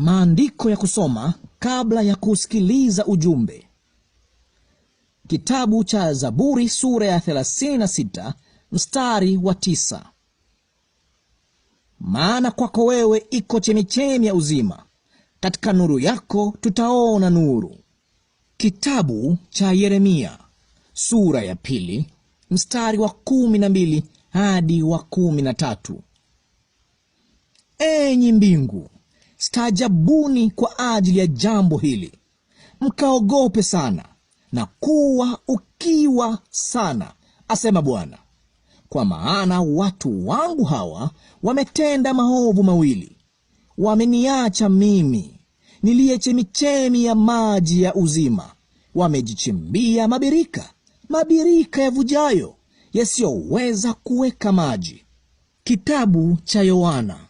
maandiko ya kusoma kabla ya kusikiliza ujumbe. Kitabu cha Zaburi sura ya 36 mstari wa tisa. Maana kwako wewe iko chemichemi ya uzima, katika nuru yako tutaona nuru. Kitabu cha Yeremia sura ya pili mstari wa kumi na mbili hadi wa kumi na tatu. Enyi mbingu Staajabuni kwa ajili ya jambo hili, mkaogope sana na kuwa ukiwa sana, asema Bwana, kwa maana watu wangu hawa wametenda maovu mawili, wameniacha mimi niliye chemichemi ya maji ya uzima, wamejichimbia mabirika, mabirika yavujayo yasiyoweza kuweka maji. Kitabu cha Yohana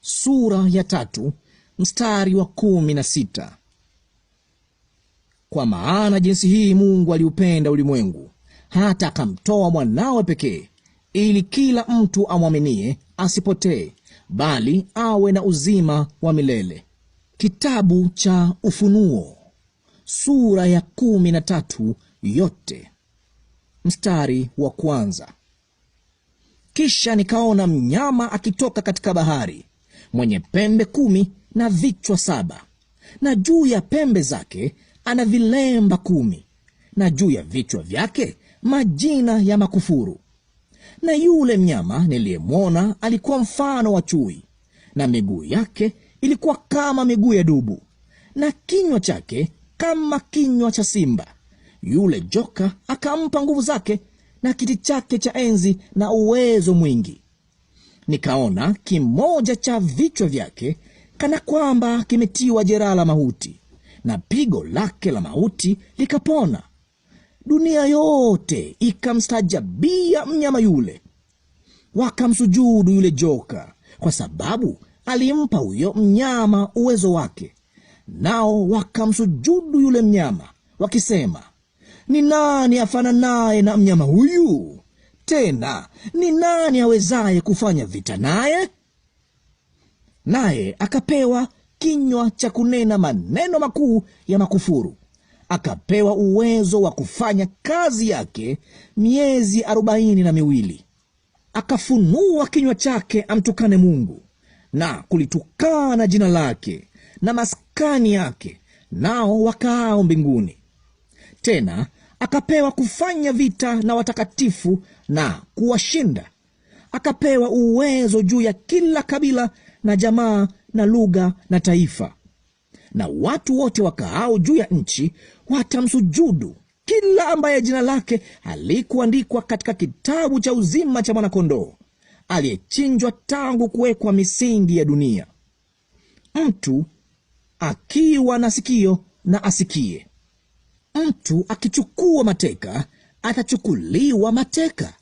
sura ya tatu mstari wa kumi na sita kwa maana jinsi hii Mungu aliupenda ulimwengu hata akamtoa mwanawe pekee, ili kila mtu amwaminie asipotee, bali awe na uzima wa milele. Kitabu cha Ufunuo sura ya kumi na tatu yote mstari wa kwanza. Kisha nikaona mnyama akitoka katika bahari, mwenye pembe kumi na vichwa saba, na juu ya pembe zake ana vilemba kumi, na juu ya vichwa vyake majina ya makufuru. Na yule mnyama niliyemwona alikuwa mfano wa chui, na miguu yake ilikuwa kama miguu ya dubu, na kinywa chake kama kinywa cha simba. Yule joka akampa nguvu zake na kiti chake cha enzi na uwezo mwingi nikaona kimoja cha vichwa vyake kana kwamba kimetiwa jeraha la mauti, na pigo lake la mauti likapona. Dunia yote ikamstajabia mnyama yule, wakamsujudu yule joka, kwa sababu alimpa huyo mnyama uwezo wake. Nao wakamsujudu yule mnyama, wakisema, ni nani afananaye na mnyama huyu? tena, ni nani awezaye kufanya vita naye? Naye akapewa kinywa cha kunena maneno makuu ya makufuru, akapewa uwezo wa kufanya kazi yake miezi arobaini na miwili. Akafunua kinywa chake amtukane Mungu na kulitukana jina lake na maskani yake, nao wakaao mbinguni. Tena akapewa kufanya vita na watakatifu na kuwashinda. Akapewa uwezo juu ya kila kabila na jamaa na lugha na taifa, na watu wote wakaao juu ya nchi watamsujudu kila ambaye jina lake halikuandikwa katika kitabu cha uzima cha mwanakondoo aliyechinjwa tangu kuwekwa misingi ya dunia. Mtu akiwa na sikio na asikie. Mtu akichukua mateka atachukuliwa mateka,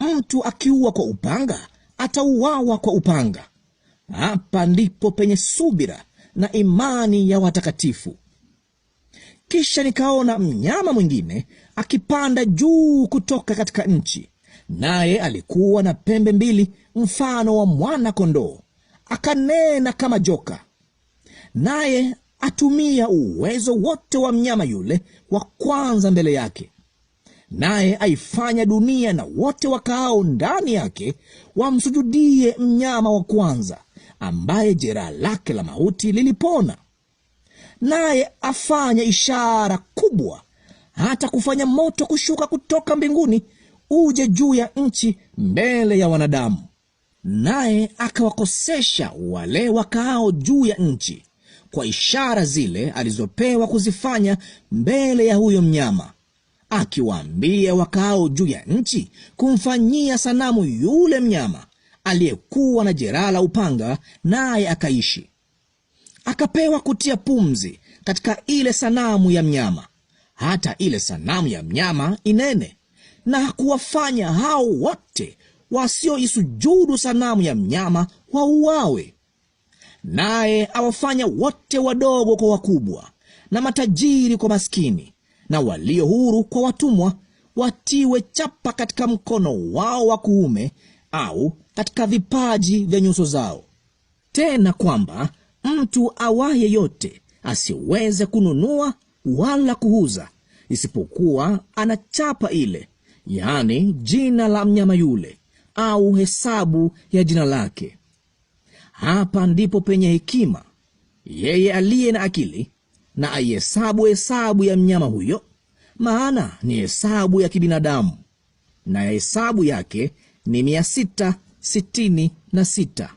mtu akiua kwa upanga atauawa kwa upanga. Hapa ndipo penye subira na imani ya watakatifu. Kisha nikaona mnyama mwingine akipanda juu kutoka katika nchi, naye alikuwa na pembe mbili mfano wa mwana kondoo, akanena kama joka. Naye atumia uwezo wote wa mnyama yule wa kwanza mbele yake, naye aifanya dunia na wote wakaao ndani yake wamsujudie mnyama wa kwanza, ambaye jeraha lake la mauti lilipona, naye afanya ishara kubwa, hata kufanya moto kushuka kutoka mbinguni uje juu ya nchi mbele ya wanadamu, naye akawakosesha wale wakaao juu ya nchi kwa ishara zile alizopewa kuzifanya mbele ya huyo mnyama, akiwaambia wakao juu ya nchi kumfanyia sanamu yule mnyama aliyekuwa na jeraha la upanga, naye akaishi. Akapewa kutia pumzi katika ile sanamu ya mnyama, hata ile sanamu ya mnyama inene, na kuwafanya hao wote wasioisujudu sanamu ya mnyama wauawe naye awafanya wote wadogo kwa wakubwa, na matajiri kwa maskini, na walio huru kwa watumwa, watiwe chapa katika mkono wao wa kuume au katika vipaji vya nyuso zao. Tena kwamba mtu awaye yote asiweze kununua wala kuuza, isipokuwa ana chapa ile, yaani jina la mnyama yule, au hesabu ya jina lake. Hapa ndipo penye hekima, yeye aliye na akili na aihesabu hesabu ya mnyama huyo, maana ni hesabu ya kibinadamu, na hesabu yake ni mia sita sitini na sita.